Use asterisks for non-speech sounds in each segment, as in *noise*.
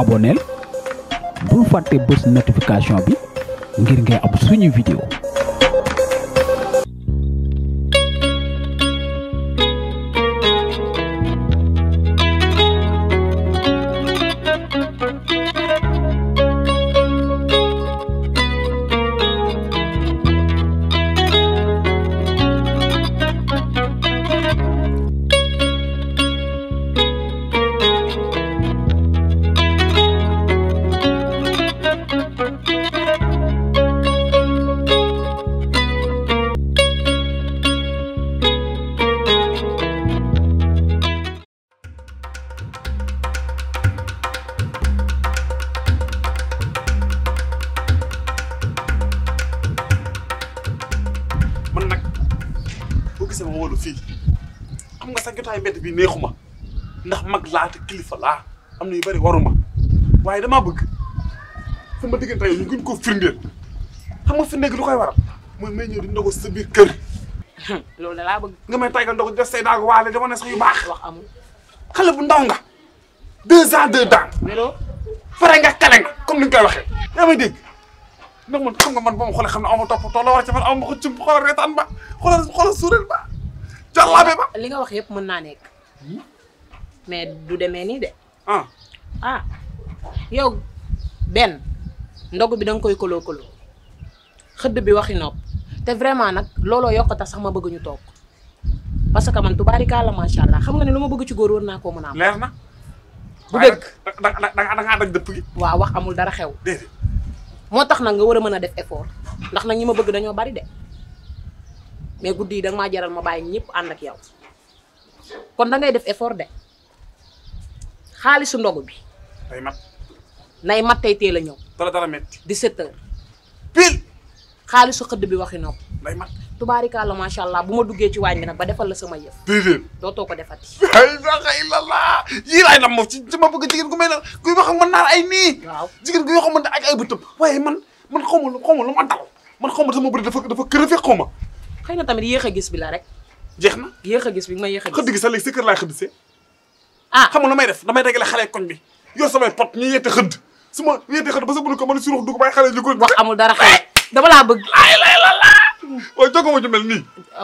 aboneel bul fàtte bës notification bi ngir ngay am suñu vidéo sama wóolu fii xam nga sa jotaay mbedd bi neexuma ndax mag laa kilifa laa am na yu bari waruma waaye damaa bëgg sama diggante ñu gën ko firndeel xam nga fi nekk lu koy waral mooy may ñëw di ndogu sa biir kër. *laughs* loolu da laa bëgg. nga may tàggal ndogu def say daagu waale dama ne sax yu baax. wax amul xale bu ndaw nga. deux ans deux daan. melo fare nga kale nga comme ni nga koy waxee. yaa may dégg ndax man xam nga man ba ma xam ne aw ma toppatoo war a ca man aw ma ko cim reetaan ba xoolal xoolal jàllaabe ba li nga wax yëpp mën naa nekk hmm? mais du demee nii de ah ah yow Ben, ndogu bi da nga koy koloo koloo xëdd bi waxi nopp te vraiment nag looloo yokk tax sax ma bëgg ñu toog parce que man tubaarikàlla macha allah xam nga ne lu ma bëgg ci góor war naa koo mën a na. bu dëgg da da da nga dëpp gi. waaw wax amul dara xew. déedéet moo tax nag nga war a def effort ndax nag ñi ma bëgg dañoo bari de. mais guddi danga da maa jaral ma bàyyi ñëpp ànd ak yow kon da ngay def effort de su ndogu bi. day mat nay mat tey teel la ñëw. dara dara métti. 17 heures. pile. xaalisu xëdd bi waxi nopp. day mat tubaarikàlla macha allah bu ma duggee ci waañ bi nag ba defal la sama yëf. déedéet dootoo ko defati. ay ilaha illallah yii laay nam moom ci ci ma bëgg jigéen gu may na kuy wax ak man ay nii. waaw jigéen gu yoo xamante ak ay bëtëm waaye man man xaw lu xaw ma lu ma dal man xaw ma sama bëri dafa dafa kër a xeyna tamit yeexa gis bi la rek. jeexna yeexa gis bi ma yeexa xëdd gi sa lay sa kër xëdd sé ah xam nga may def damay dégale xale koñ bi yo sama pot ñi yété xëdd suma yété xëdd ba sa bu ko man suñu ko bay xale ñu ko. wax amul dara xale dama la bëgg. lay lay la la waaye jogo ma ci mel ni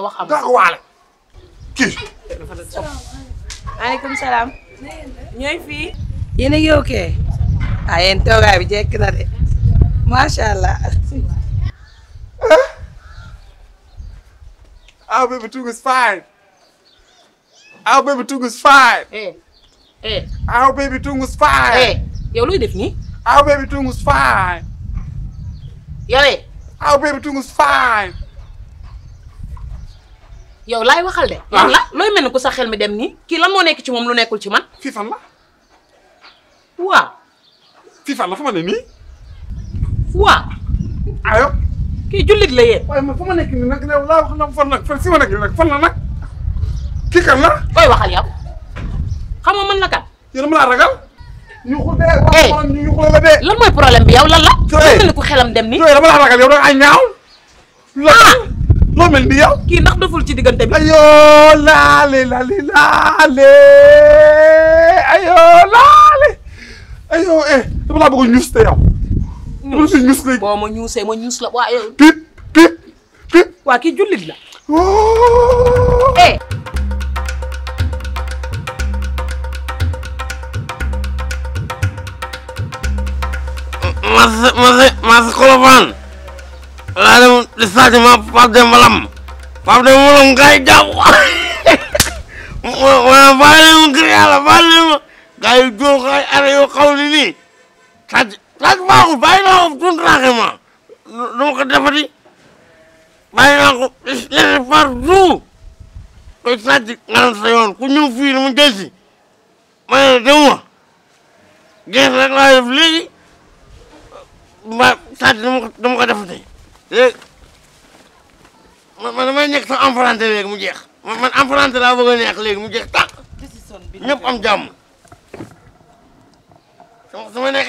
wax am da ko walé ki alaykum salam ñoy fi yene a ngi ok. ah yéen toogaay bi jekk na de macha allah. Our baby tunggu is fine. Our baby Tuga is fine. Hey. Eh, eh. Hey. Our baby Tuga is fine. Hey. yow looy def Our baby Tuga is fine. yowee. Ya Our baby Tuga is fine. yow ya laay waxal de. lan ah. la Loy mel ko sa xel mi dem ni? Ki lan mo nek ci mom lu nekul ci man. Fi fan la. Wa. Fi fan la fu ma ne ayo. kii jullit la yee. waaye man fu ma nekk nii nag laa wax na fan nag fan si ma nekk nag fan la nag kii kan la. koy waxal yow xam nga man la kan. yéen ma laa ragal. ñu xul dee waaw eh. ñu xul la dee. lan mooy problème bi yow lan la. jooyee mel ni ku xelam dem ni jooyee dama laa ragal yow da ay ñaaw. ah loo mel ni yow. kii ndax doful ci diggante bi. ayoo laale laale laale ayoo laale ayoo eh dama laa bëgg a ñuus te yow. ñuus ñuus léegi boo ma ñuusee ma ñuus la waa yow. kii jullit la. Oh. eh. Mass Mass Mass Colobane. laa dem di Sadio ma Pape Demba Lam. Pape Demba Lam gars yi jàpp ma kër ma gars yi jóor xaw yoo xaw ni nii Sadio. sànq maa ko bàyyi naa ko tuuti naa ko ma nu ma ko defati bàyyi naa ko laissé partout koy nga doon sa ku ñëw fii ni mu jël si ma ne dem ma gis laa def léegi ma sàcc dama ko dama ko defati léegi man man damay nekk sax emprunté léegi mu jeex man man emprunté laa bëgg a neex léegi mu jeex tàq ñëpp am jàmm Oh, su ma ma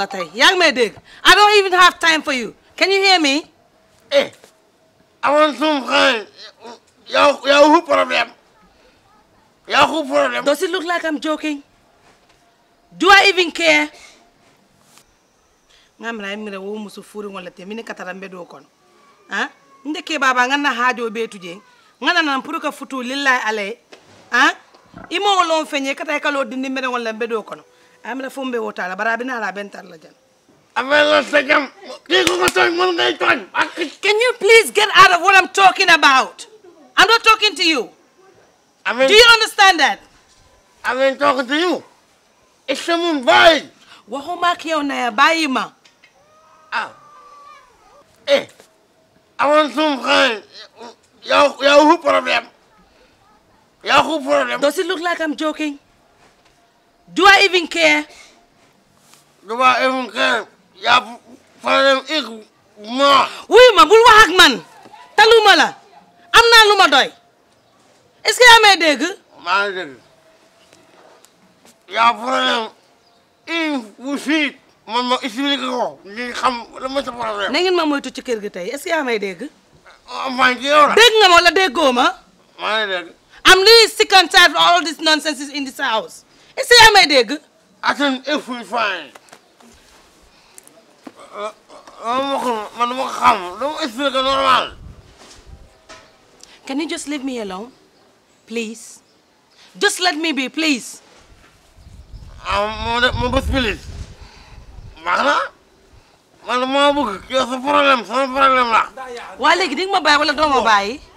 I don't even have time for you can you hear me Hey, eh, I want some yow yow problem yow problem does it look like I'm joking do I even care ngamira imo lon feñe kata kalo dindi mere wala bedo kono amra fombe wotala bara bina la bentar la jan avela sejam ki ko ko toñ mon ngay toñ can you please get out of what i'm talking about i'm not talking to you I mean, do you understand that i'm mean talking to you it's someone boy waxuma ak yow na bàyyi ma ah eh amoon sum xëy yow yow problème Yeah, who problem? Does it look like I'm joking? Do I even care? Do I even care? Yeah, ma bul wax ak man. Taluma la. Am naa lu ma doy. est yaa may dégg? Yaa problème il vous suit. man ma expliqué ko li xam la ma ngeen ma moytu ci kër gi tey est yaa may dégg? Maa nga ma wala déggoo ma? I'm really sick and tired of all this nonsense in this house. You see, I'm a dig. I can if we find. Can you just leave me alone? Please. Just let me be, please. I'm not please. Mana? Man, ma bëgg yow problem? problème sama problème la. Waa léegi di nga ma bàyyi wala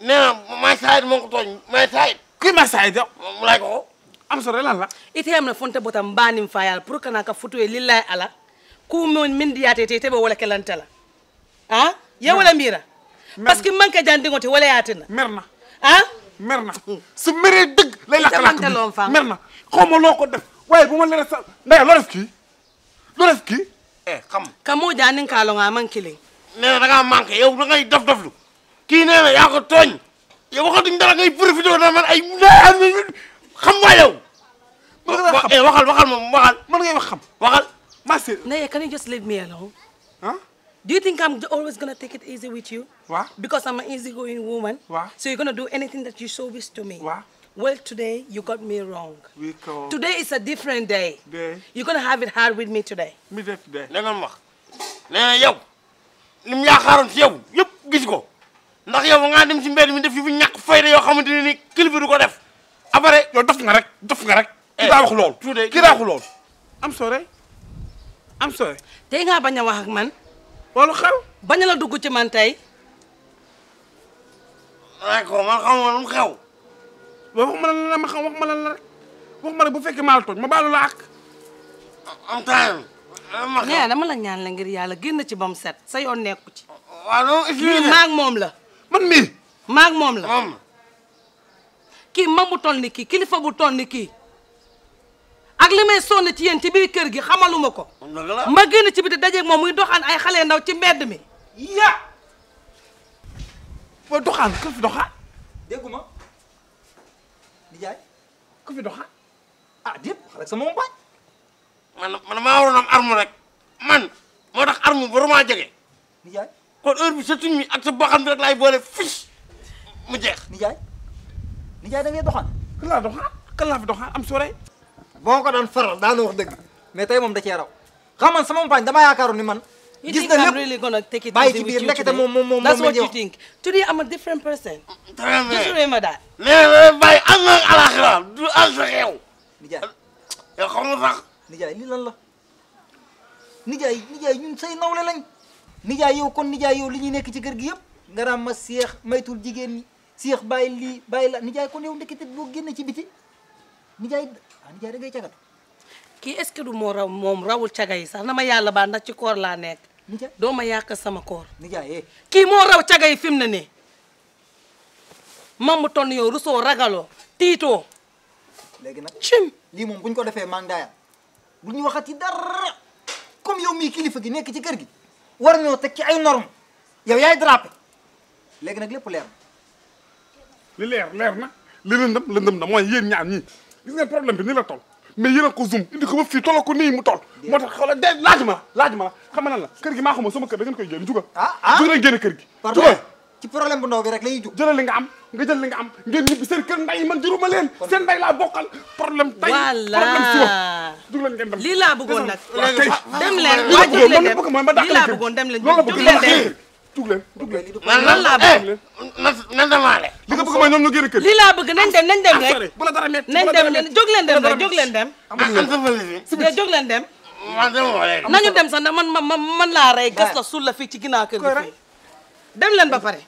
nee na maay Saïd moo ko tooñ maay Saïd. kuy maay Saïd yow. mu laaj ko. am sore lan la. ite yam na fonte botam mbanim fayal pour kana ka futoye lillahi ala ku mon min diyate te tebe wala kelanta la ah ye wala mbira parce que manque jandingote wala yatina merna ah merna su mere dëgg lay lakk lakk merna xawma loo ko def waaye bu ma leer sa ndaya loo def kii loo def kii eh ka moo jaanin kaalonga man kiling nee na da ngaa manqué yow da ngay dof doflu kii nee ko tooñ yow waxatuñ dara ngay profité na man ay xam nga yow. Eh, waxal waxal moom waxal. mën ngay wax xam waxal. Master. Naya, can you just leave me alone? Huh? Do you think I'm always going to take it easy with you? What? Because I'm an easygoing woman. What? So you're going to do anything that you so wish to me. What? Well, today you got me wrong. Because today is a different day. Day. You're going to have it hard with me today. Me today. Lengan wax. Lengan yow. Lim yaakaaroon ci yow yëpp gis ndax yow nga dem si mbedd mi def fi ñàkk fayda yoo xamante ne ni kilifa du ko def. après yow dof nga rek dof nga rek. ki eh, daa wax lool ki daa wax lool. am sore te sore. tey bañ a wax man. loolu xew. bañ a la dugg ci man tey. d'accord man xamuma lu mu xew. waaw wax ma la ma xam la rek wax ma rek bu fekkee maa la ma baalu la ak. en temps nee la ñaan la ngir yàlla génn ci bam set sa yoon nekku ci. waaw non. lii maag moom la. man mii. maag moom la moom kii bu toll ni kii kilifa bu toll ni kii ak li may sonn ci yéen ci biir kër gi xamaluma ko. ma génn ci biti dajeeg moom muy doxaan ay xale ndaw ci mbedd mi. ya ba doxaan ku fi doxaan. dégguma nijaay ku fi doxaan ah déet wax rek sama mbaaj. man man maa waroon am rek man moo tax arme bu ma jege kon heure bi sa tuñ mi ak sa boo xam ne rek laay boole fiis mu jeex. nijaay nijaay da ngay doxaan. kan laa doxaan kan laa fi doxaan am sore. boo ko daan faral daana wax dëgg mais tey moom da cee raw xam man sama mpaañ damaa yaakaaroon ni man. gis na lépp bàyyi ci biir ndekete moom moom moom that's what you think today I'm a different person. très ma daal. léegi bàyyi am na alaxira du am sa xew. nijaay yow xam nga sax. nijaay lii lan la nijaay nijaay ñun say nawle lañ. nijaay yow kon nijaay yow li ñuy nekk ci kër gi yëpp nga naan ma seex maytul jigéen ñi seex bàyyi lii bàyyi la nijaay kon yow ndekete boo génn ci biti nijaay ah nijaay da ngay cagatu kii est-ce que du moo raw moom rawul caga yi sax na ma yàlla baal ndax ci koor laa nekk nijaay doo ma yàq sama koor nijaay eh. kii moo raw caga yi fi mu ne nii mam ton toll yow rusoo ragaloo tiitoo léegi nag cim lii moom buñ ko defee maa ngi daayal bu ñu waxati dara comme yow mii kilifa gi nekk ci kër gi war ñoo teg ci ay normes yow yaay drapé léegi nag lépp leer na. li leer leer na li lëndëm lëndëm na mooy yéen ñaar ñii gis ngeen problème bi ni la toll mais yéen ko zoom indi ko ba fii tolloo ko ni mu tol moo tax xoolal de laaj ma la laaj ma la xam nga la la kër gi maa xamoo sama kër da ngeen koy jël juga. ah ah juga ngeen génne kër gi. pardon juga. ci problème bu ndaw bi rek lay juk jeul li nga am nga jeul li nga am ngeen ñibbi seen kër nday man juruma leen seen nday la bokal problème tay problème suba jug leen ngeen dem lii laa bëggoon nag dem leen waa jug leen dem mooy ma dàqal lii laa bëggoon dem leen loolu la bëgg leen dem jug leen jug leen man lan laa eh, bëgg nan damaale li nga bëgg mooy ñoom ñu génn kër lii laa bëgg nañ dem nañ dem ah, rek bu la dara met nañ dem jug leen dem rek leen dem jug leen dem nañu dem sax man man laa rey gas la suul la fii ci ginnaaw kër gi dem leen ba pare.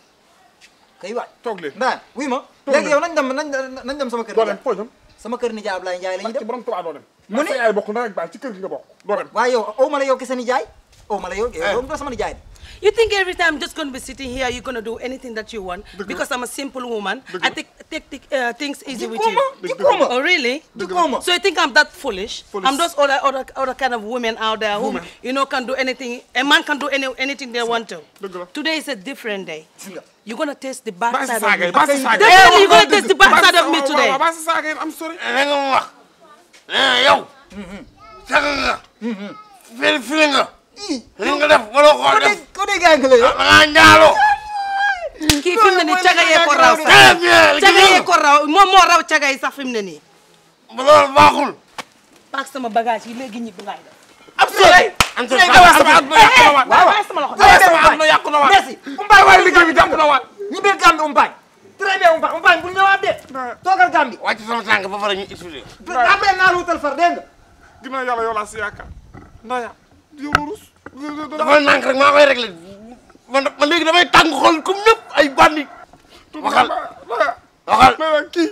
kay waay toog leen daan wuy ma. léegi yow nañ dem nañ dem sama kër. doo dem foo dem sama kër dem mu ne yaay bokk na rek baax ci kër gi nga bokk. doo dem waaye yow aw ma la yow kese nijaay aw ma la yow. Eh. sama nijaay de. You think every time I'm just going to be sitting here, you're going to do anything that you want? because I'm a simple woman. I take, take, take uh, things easy with you. Oh, really? So you think I'm that foolish? foolish. I'm just other, other, other kind of women out there who, you know, can do anything. A man can do any, anything they want to. Today is a different day. You're going to taste the side of me. Definitely you're going to taste the side of me today. I'm sorry. Eh, yo! Eh, mm-hmm. Mm-hmm. Very feeling. kii. li nga def wala ko def ku ne gàng la yow. ah njaalo. kii fi mu ne nii caga yee ko raw sax caga yee ko raw moom moo raw caga yi sax fi mu ne nii. loolu baaxul. paak sama bagage yi léegi ñibbi ngay def. am solo am solo am na yàqu na waat merci umbaay waaye liggéey bi jàpp na waat ñu biir Gambie umbaay très bien sama tànk ba fara ñu expliqué après naa la wutal far dégg nga ginnaaw yàlla yow laa si dafa nànk rek maa koy réglé man man léegi damay tàng xol comme ay bandi. waxal waxal na kii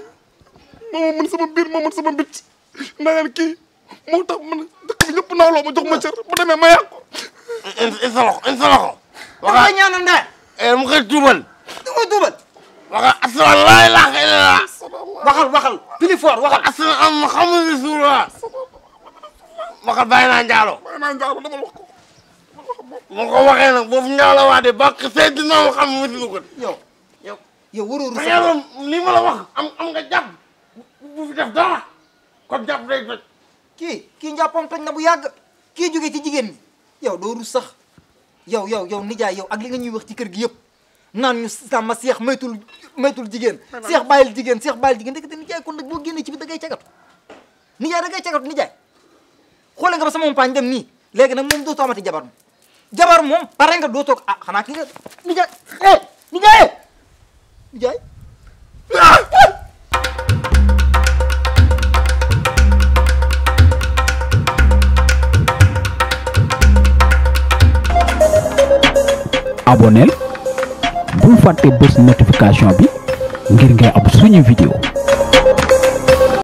moo mën sama biir moo mën sama bit naan kii moo tax man dëkk bi ñëpp nawloo ma jox ma cër bu ma yàqu. in in sa loxo in waxal ñaanal ndey. Eh, mu laa waxal waxal. pili fort waxal asalaam Muhammadu Rasulullah. waxal bàyyi naa njaalo. moo ko waxee nag boobu nga la waatee bàq seet dina ma xam ma yow yow yow waroo rus. li ma la wax am am nga jàpp bu fi def dara kon kii kii njàppam na bu yàgg kii jógee ci jigéen ñi yow doo rus sax yow yow yow nijaay yow ak li nga ñuy wax ci kër gi yëpp naan ñu sama seex maytul maytul jigéen. seex bàyyil jigéen seex bàyyil jigéen rek te nijaay kon nag boo génnee ci bi da ngay cagatu nijaay da ngay ni nijaay xoole nga ba sama mpaañ nii léegi nag moom dootoo amati jabar jabar mom pare nga dootoo ah xana ki nga nijaay eh ni ni nijaay abonnel bu fatte bés notification bi ngir ngay am suñu vidéo